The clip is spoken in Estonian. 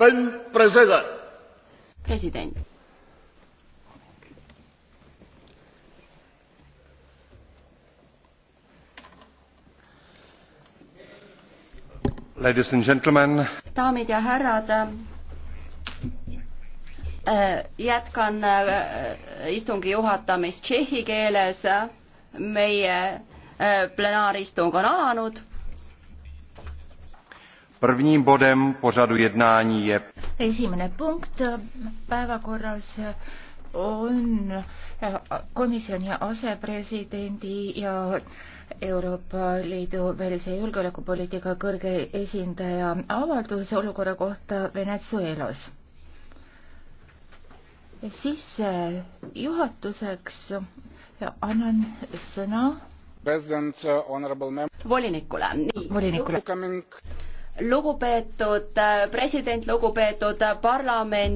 President. president. daamid ja härrad äh, jätkan äh, istungi juhatamist tšehhi keeles meie äh, plenaaristung on alanud Prvním bodem pořadu jednání je esimene punkt päevakorras on äh, komisjoni asepresidendi ja Euroopa Liidu välise julgeolekupoliitika kõrge esindaja avaldus olukorra kohta Venezuelas. sissejuhatuseks äh, annan sõna volinikule. volinikule lugupeetud äh, president, lugupeetud parlament,